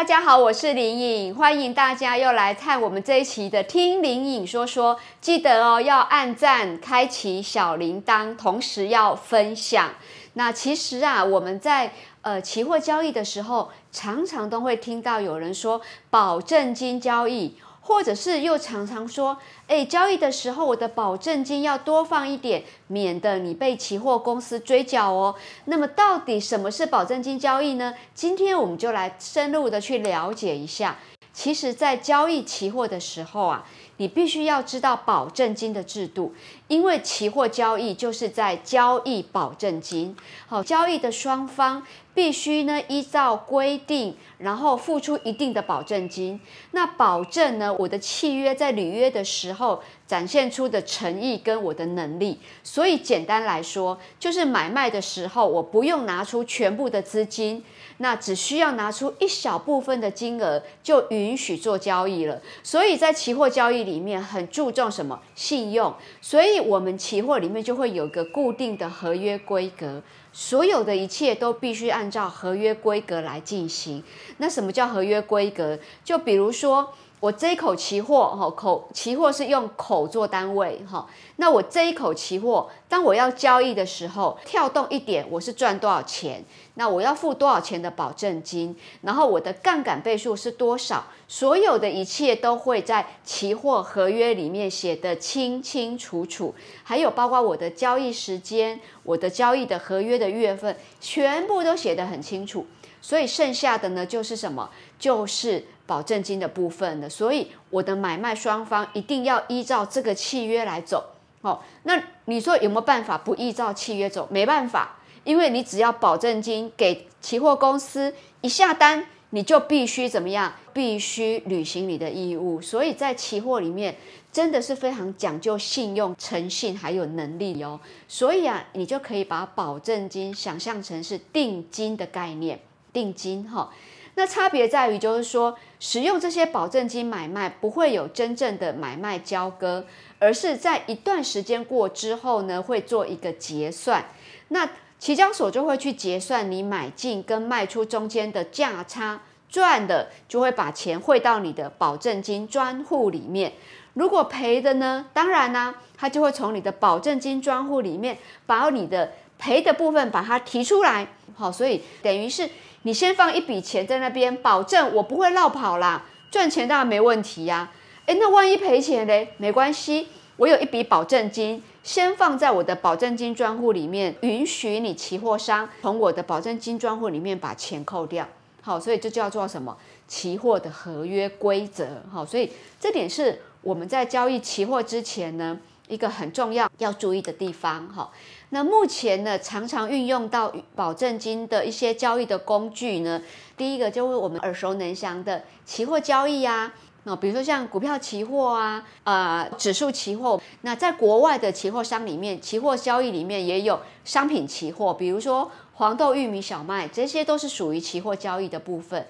大家好，我是林穎，歡迎大家又來看我們這一期的《聽林穎說說》，記得哦，要按讚、開啟小鈴鐺，同時要分享。那其實啊，我們在呃期貨交易的時候，常常都會聽到有人說保證金交易。或者是又常常說，哎、欸，交易的時候我的保證金要多放一點，免得你被期貨公司追繳哦。那麼到底什麼是保證金交易呢？今天我們就來深入的去了解一下。其實在交易期貨的時候啊。你必須要知道保證金的制度，因為期貨交易就是在交易保證金。好，交易的雙方必須呢依照規定，然後付出一定的保證金，那保證呢我的契約在履約的時候展現出的誠意跟我的能力。所以簡單來說，就是買賣的時候我不用拿出全部的資金，那只需要拿出一小部分的金額就允許做交易了。所以在期貨交易。裡面很注重什麼信用，所以我們期貨裡面就會有個固定的合約規格，所有的一切都必須按照合約規格來進行。那什麼叫合約規格？就比如說。我這一口期貨，吼，口期貨是用口做單位，吼。那我這一口期貨，當我要交易的時候，跳動一點，我是賺多少錢？那我要付多少錢的保證金？然後我的槓桿倍數是多少？所有的一切都會在期貨合約裡面寫得清清楚楚，還有包括我的交易時間、我的交易的合約的月份，全部都寫得很清楚。所以剩下的呢，就是什麼？就是保證金的部分了。所以我的買賣雙方一定要依照這個契約來走。哦，那你說有沒有辦法不依照契約走？沒辦法，因為你只要保證金給期貨公司一下單，你就必須怎麼樣？必須履行你的義務。所以在期貨裡面，真的是非常講究信用、誠信還有能力哦。所以啊，你就可以把保證金想象成是定金的概念。定金哈，那差別在於就是說，使用這些保證金買賣不會有真正的買賣交割，而是在一段時間過之後呢，會做一個結算。那期交所就會去結算你買進跟賣出中間的價差，賺的就會把錢匯到你的保證金專戶裡面。如果賠的呢，當然呢、啊，他就會從你的保證金專戶裡面把你的賠的部分把它提出來。好，所以等於是。你先放一筆錢在那邊，保證我不會落跑啦。賺錢當然沒問題呀、啊。誒、欸，那萬一賠錢嘞？沒關係，我有一筆保證金，先放在我的保證金專戶裡面，允許你期貨商從我的保證金專戶裡面把錢扣掉。好，所以這叫做什麼？期貨的合約規則。好，所以這點是我們在交易期貨之前呢，一個很重要要注意的地方。好。那目前呢，常常運用到保證金的一些交易的工具呢，第一個就是我們耳熟能詳的期貨交易啊，那比如說像股票期貨啊，呃，指數期貨。那在國外的期貨商裡面，期貨交易裡面也有商品期貨，比如說黃豆、玉米、小麥，這些都是屬於期貨交易的部分。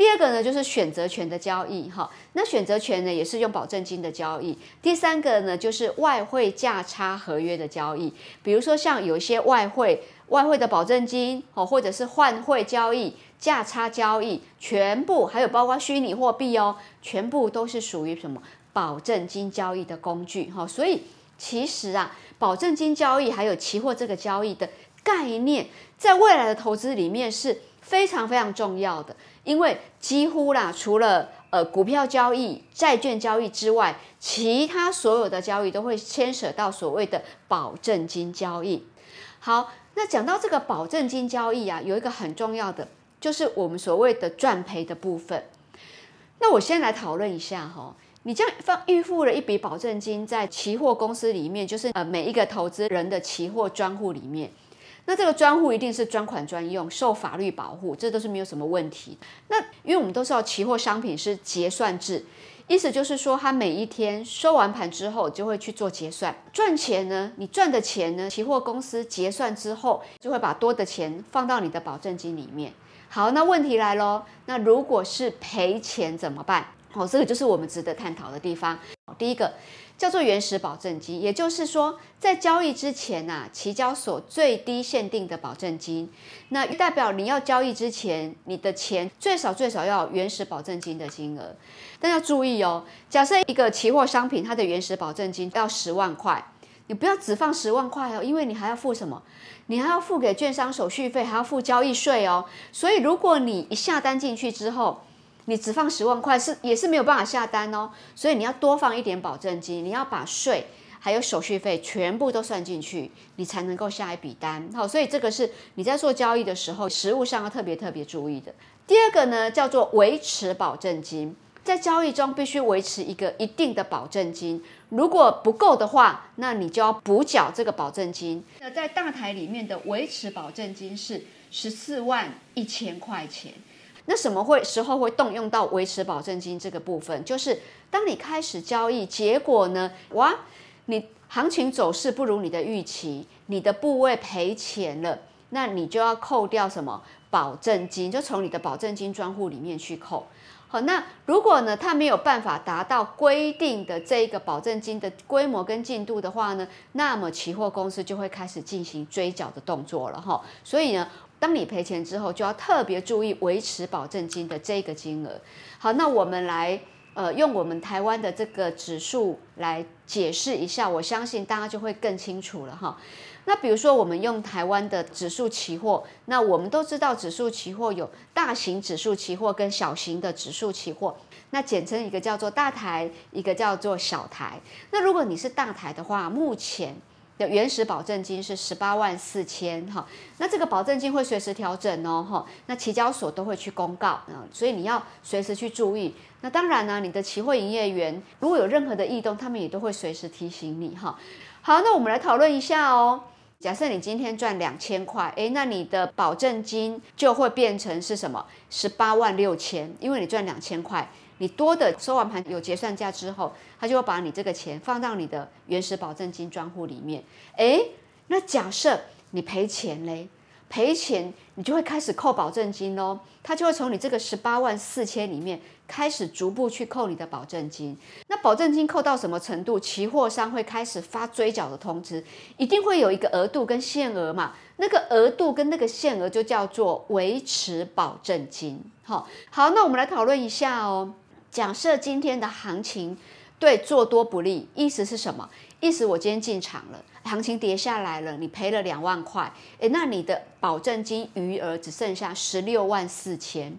第二個呢，就是選擇權的交易，哈，那選擇權呢，也是用保證金的交易。第三個呢，就是外匯價差合約的交易，比如說像有一些外匯，外匯的保證金，哦，或者是換匯交易、價差交易，全部還有包括虛擬貨幣哦，全部都是屬於什麼保證金交易的工具，哈。所以其實啊，保證金交易還有期貨這個交易的概念，在未來的投資裡面是，非常非常重要的，因為幾乎啦，除了呃股票交易、債券交易之外，其他所有的交易都會牽扯到所謂的保證金交易。好，那講到這個保證金交易啊，有一個很重要的，就是我們所謂的賺賠的部分。那我先來討論一下哈、哦，你這樣放預付了一筆保證金在期貨公司裡面，就是呃每一個投資人的期貨專戶裡面。那這個專戶一定是專款專用，受法律保護，這都是沒有什麼問題。那因為我們都知道，期貨商品是結算制，意思就是說，他每一天收完盤之後，就會去做結算。賺錢呢，你賺的錢呢，期貨公司結算之後，就會把多的錢放到你的保證金裡面。好，那問題來嘍，那如果是賠錢怎麼辦？好，哦，這個就是我們值得探討的地方。第一個叫做原始保證金，也就是說，在交易之前吶、啊，期交所最低限定的保證金，那代表你要交易之前，你的錢最少最少要原始保證金的金額。但要注意哦，假設一個期貨商品它的原始保證金要十萬塊，你不要只放十萬塊哦，因為你還要付什麼？你還要付給券商手續費，還要付交易稅哦。所以如果你一下單進去之後，你只放十萬塊是也是沒有辦法下單哦，所以你要多放一點保證金，你要把稅還有手續費全部都算進去，你才能夠下一筆單。好，所以這個是你在做交易的時候，實務上要特別特別注意的。第二個呢，叫做維持保證金，在交易中必須維持一個一定的保證金，如果不夠的話，那你就要補繳這個保證金。那在大台裡面的維持保證金是十四萬一千塊錢。那什麼會時候會動用到維持保證金這個部分？就是當你開始交易，結果呢，哇，你行情走勢不如你的預期，你的部位賠錢了，那你就要扣掉什麼保證金？就從你的保證金專戶裡面去扣。好，那如果呢，它沒有辦法達到規定的這一個保證金的規模跟進度的話呢，那麼期貨公司就會開始進行追繳的動作了哈。所以呢。當你賠錢之後，就要特別注意維持保證金的這個金額。好，那我們來，呃，用我們台灣的這個指數來解釋一下，我相信大家就會更清楚了哈。那比如說，我們用台灣的指數期貨，那我們都知道指數期貨有大型指數期貨跟小型的指數期貨，那簡稱一個叫做大台，一個叫做小台。那如果你是大台的話，目前原始保證金是十八萬四千哈，那這個保證金會隨時調整哦哈，那期交所都會去公告，所以你要隨時去注意。那當然呢、啊，你的期貨營業員如果有任何的異動，他們也都會隨時提醒你哈。好，那我們來討論一下哦。假設你今天賺兩千塊，誒、欸，那你的保證金就會變成是什麼？十八萬六千，因為你賺兩千塊，你多的收完盤有結算價之後，他就會把你這個錢放到你的原始保證金專戶裡面。誒、欸，那假設你賠錢嘞，賠錢你就會開始扣保證金嘍，他就會從你這個十八萬四千裡面。開始逐步去扣你的保證金，那保證金扣到什麼程度，期貨商會開始發追繳的通知，一定會有一個額度跟限額嘛？那個額度跟那個限額就叫做維持保證金。好，哦，好，那我們來討論一下哦。假設今天的行情對做多不利，意思是什麼？意思我今天進場了，行情跌下來了，你賠了兩萬塊，誒，那你的保證金餘額只剩下十六萬四千。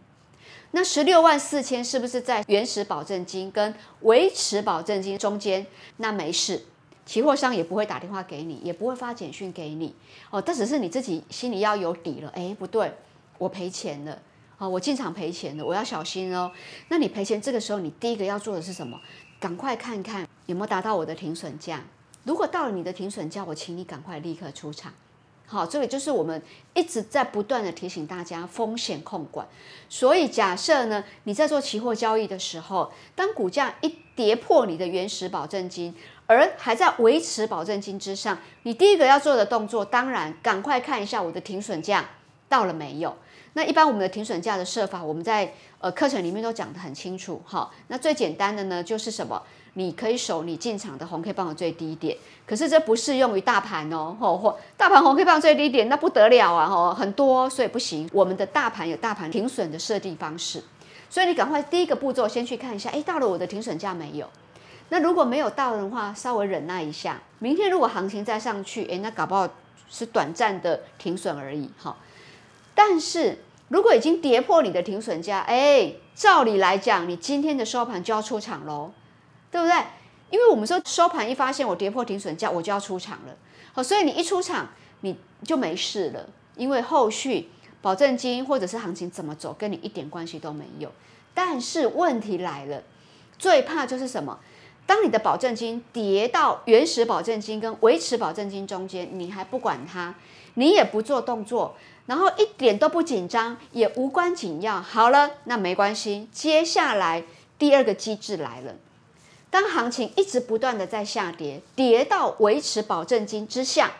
那十六萬四千是不是在原始保證金跟維持保證金中間？那沒事，期貨商也不會打電話給你，也不會發簡訊給你哦。這只是你自己心裡要有底了。哎，不對，我賠錢了哦，我進場賠錢了，我要小心哦。那你賠錢這個時候，你第一個要做的是什麼？趕快看看有沒有達到我的停損價。如果到了你的停損價，我請你趕快立刻出場。好，這個就是我們一直在不斷地提醒大家風險控管。所以假設呢，你在做期貨交易的時候，當股價一跌破你的原始保證金，而還在維持保證金之上，你第一個要做的動作，當然趕快看一下我的停損價到了沒有。那一般我們的停損價的設法，我們在呃課程裡面都講得很清楚。好，那最簡單的呢，就是什麼？你可以守你進場的紅 K 棒的最低點，可是這不適用於大盤哦。吼，大盤紅 K 棒最低點那不得了啊！吼，很多所以不行。我們的大盤有大盤停損的設定方式，所以你趕快第一個步驟先去看一下，哎，到了我的停損價沒有？那如果沒有到的話，稍微忍耐一下。明天如果行情再上去，哎，那搞不好是短暫的停損而已。好，但是如果已經跌破你的停損價，哎，照理來講，你今天的收盤就要出場嘍。對不對？因為我們說收盤一發現我跌破停損價，我就要出場了。好，所以你一出場，你就沒事了，因為後續保證金或者是行情怎麼走，跟你一點關係都沒有。但是問題來了，最怕就是什麼？當你的保證金跌到原始保證金跟維持保證金中間，你還不管它，你也不做動作，然後一點都不緊張，也無關緊要。好了，那沒關係。接下來第二個機制來了。當行情一直不斷的在下跌，跌到維持保證金之下，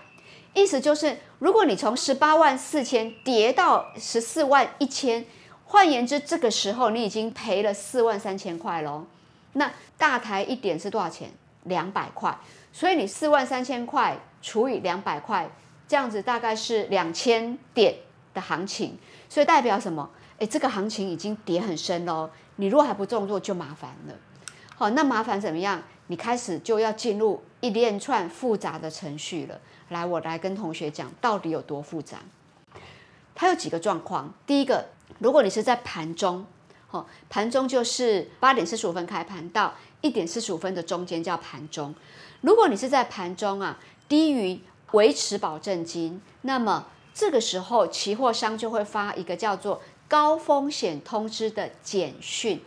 意思就是，如果你從十八萬四千跌到十四萬一千，換言之，這個時候你已經賠了四萬三千塊咯、哦、那大台一點是多少錢？兩百塊。所以你四萬三千塊除以兩百塊，這樣子大概是兩千點的行情。所以代表什麼？哎，這個行情已經跌很深咯。你如果還不動作，就麻煩了。哦，那麻煩怎麼樣？你開始就要進入一連串複雜的程序了。來，我來跟同學講到底有多複雜。它有幾個狀況。第一個，如果你是在盤中，哦，盤中就是八點四十五分開盤到一點四十五分的中間叫盤中。如果你是在盤中啊，低於維持保證金，那麼這個時候期貨商就會發一個叫做高風險通知的簡訊，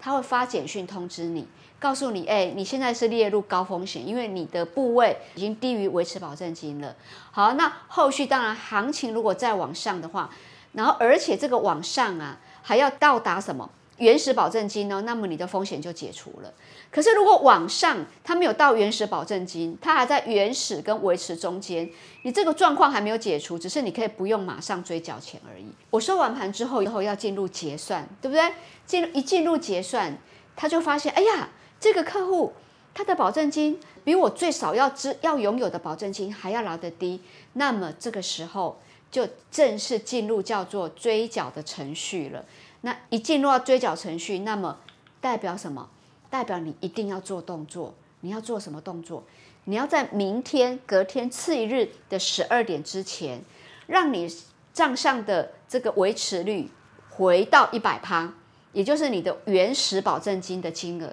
他會發簡訊通知你。告訴你，哎、欸，你現在是列入高風險，因為你的部位已經低於維持保證金了。好，那後續當然行情如果再往上的話，然後而且這個往上啊，還要到達什麼原始保證金呢、哦？那麼你的風險就解除了。可是如果往上它沒有到原始保證金，它還在原始跟維持中間，你這個狀況還沒有解除，只是你可以不用馬上追繳錢而已。我收完盤之後，以後要進入結算，對不對？進一進入結算，他就發現，哎呀。這個客戶他的保證金比我最少要知要擁有的保證金還要拿得低，那麼這個時候就正式進入叫做追繳的程序了。那一進入到追繳程序，那麼代表什麼？代表你一定要做動作。你要做什麼動作？你要在明天、隔天、次一日的十二點之前，讓你賬上的這個維持率回到一百趴，也就是你的原始保證金的金額。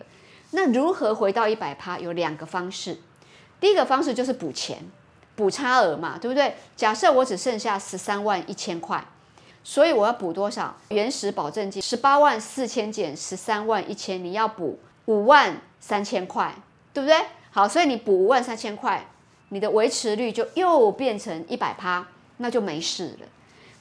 那如何回到一百趴？有兩個方式，第一個方式就是補錢，補差額嘛，對不對？假設我只剩下十三萬一千塊，所以我要補多少？原始保證金十八萬四千減十三萬一千，你要補五萬三千塊，對不對？好，所以你補五萬三千塊，你的維持率就又變成一百趴，那就沒事了。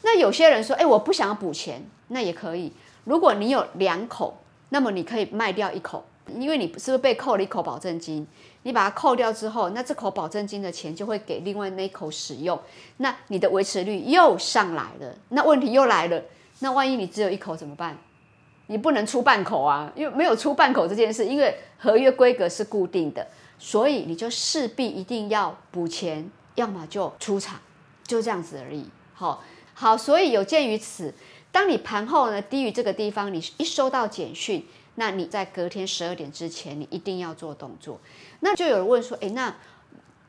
那有些人說，誒、欸，我不想要補錢，那也可以。如果你有兩口，那麼你可以賣掉一口。因為你是不是被扣了一口保證金？你把它扣掉之後，那這口保證金的錢就會給另外那一口使用，那你的維持率又上來了。那問題又來了，那萬一你只有一口怎麼辦？你不能出半口啊，因為沒有出半口這件事，因為合約規格是固定的，所以你就勢必一定要補錢，要麼就出場，就這樣子而已。好，好，所以有鑒於此。當你盤後呢，低於這個地方，你一收到簡訊，那你在隔天十二點之前，你一定要做動作。那就有人問說，誒，那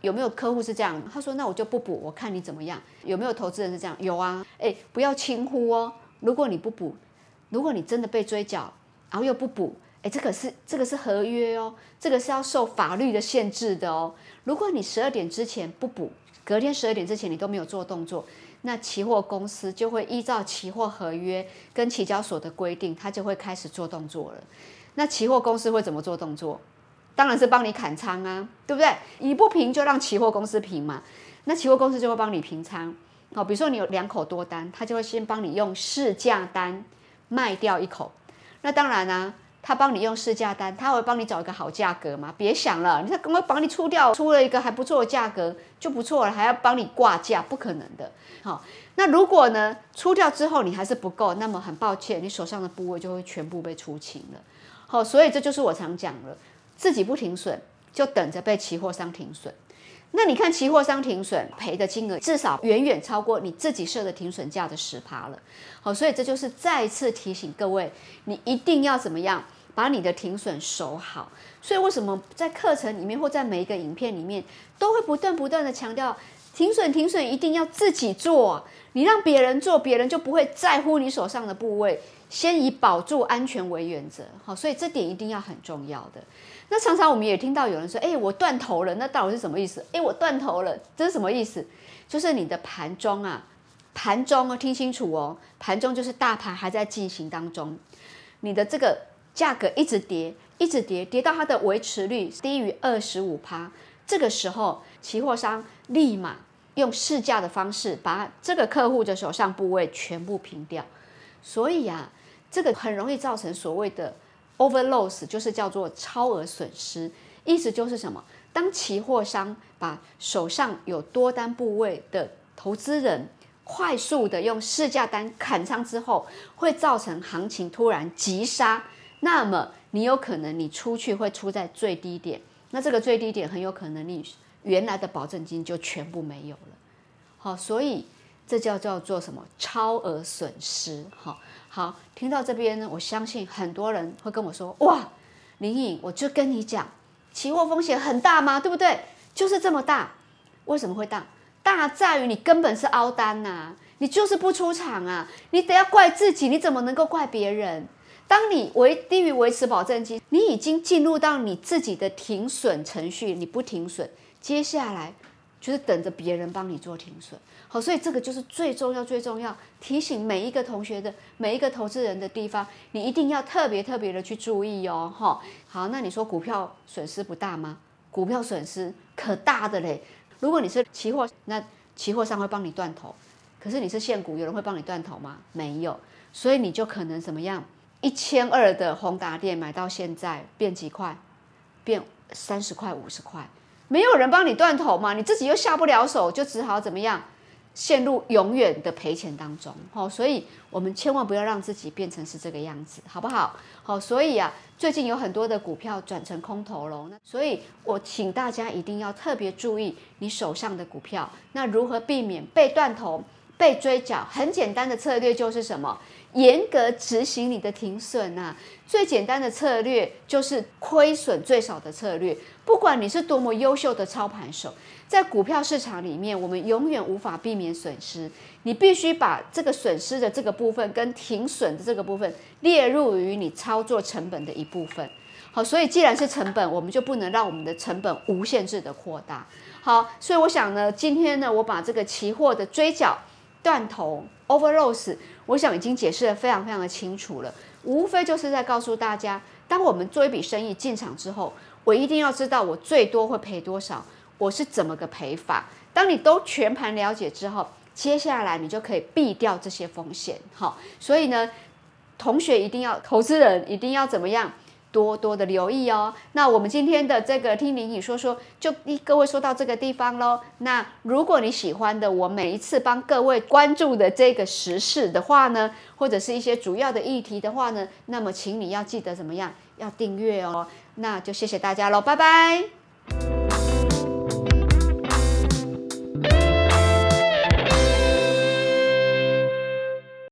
有沒有客戶是這樣？他說，那我就不補，我看你怎麼樣。有沒有投資人是這樣？有啊，誒，不要輕忽哦。如果你不補，如果你真的被追繳，然後又不補，誒，這可是這個是合約哦，這個是要受法律的限制的哦。如果你十二點之前不補，隔天十二點之前你都沒有做動作，那期貨公司就會依照期貨合約跟期交所的規定，它就會開始做動作了。那期貨公司會怎麼做動作？當然是幫你砍倉啊，對不對？你不平就讓期貨公司平嘛。那期貨公司就會幫你平倉。哦。比如說你有兩口多單，它就會先幫你用市價單賣掉一口。那當然啦、啊。他幫你用市價單，他會幫你找一個好價格嗎？別想了，你說我幫你出掉，出了一個還不錯的價格就不錯了，還要幫你掛價，不可能的。好，那如果呢，出掉之後你還是不夠，那麼很抱歉，你手上的部位就會全部被出清了。好，所以這就是我常講的，自己不停損，就等着被期貨商停損。那你看期貨商停損賠的金額，至少遠遠超過你自己設的停損價的十趴了。好，所以這就是再一次提醒各位，你一定要怎麼樣？把你的停損守好，所以為什麼在課程裡面或在每一個影片裡面都會不斷不斷的強調停損？停損一定要自己做，你讓別人做，別人就不會在乎你手上的部位。先以保住安全為原則，好，所以這點一定要很重要的。那常常我們也聽到有人說：“誒，我斷頭了。”那到底是什麼意思？“誒，我斷頭了。”這是什麼意思？就是你的盤中啊，盤中哦，聽清楚哦，盤中就是大盤還在進行當中，你的這個。價格一直跌，一直跌，跌到它的維持率低於二十五趴，這個時候，期貨商立馬用市價的方式把這個客戶的手上部位全部平掉。所以呀、啊，這個很容易造成所謂的 overloss，就是叫做超額損失。意思就是什麼？當期貨商把手上有多單部位的投資人快速的用市價單砍倉之後，會造成行情突然急殺。那麼你有可能你出去會出在最低點，那這個最低點很有可能你原來的保證金就全部沒有了，好，所以這叫叫做什麼超額損失？好好，聽到這邊呢，我相信很多人會跟我說，哇，林穎，我就跟你講，期貨風險很大嗎？對不對？就是這麼大，為什麼會大？大在於你根本是凹單吶、啊，你就是不出場啊，你得要怪自己，你怎麼能夠怪別人？當你維低於維持保證金，你已經進入到你自己的停損程序，你不停損，接下來就是等着別人幫你做停損。好，所以這個就是最重要、最重要提醒每一個同學的、每一個投資人的地方，你一定要特別特別的去注意喲。哈，好，那你說股票損失不大嗎？股票損失可大的嘞。如果你是期貨，那期貨商會幫你斷頭，可是你是現股，有人會幫你斷頭嗎？沒有，所以你就可能怎麼樣？一千二的宏達電買到現在變幾塊，變三十塊五十塊，沒有人幫你斷頭嘛？你自己又下不了手，就只好怎麼樣，陷入永遠的賠錢當中。好，所以我們千萬不要讓自己變成是這個樣子，好不好？好，所以啊，最近有很多的股票轉成空頭了，所以我請大家一定要特別注意你手上的股票。那如何避免被斷頭、被追繳？很簡單的策略就是什麼？嚴格執行你的停損啊！最簡單的策略就是虧損最少的策略。不管你是多麼優秀的操盤手，在股票市場裡面，我們永遠無法避免損失。你必須把這個損失的這個部分跟停損的這個部分列入於你操作成本的一部分。好，所以既然是成本，我們就不能讓我們的成本無限制的擴大。好，所以我想呢，今天呢，我把這個期貨的追繳斷頭 overloss。我想已經解釋得非常非常的清楚了，無非就是在告訴大家，當我們做一筆生意進場之後，我一定要知道我最多會賠多少，我是怎麼個賠法。當你都全盤了解之後，接下來你就可以避掉這些風險。好，所以呢，同學一定要，投資人一定要怎麼樣？多多的留意哦。那我們今天的這個聽林穎說說，就一各位說到這個地方嘍。那如果你喜歡的，我每一次幫各位關注的這個時事的話呢，或者是一些主要的議題的話呢，那麼請你要記得怎麼樣，要訂閱哦。那就謝謝大家嘍，拜拜。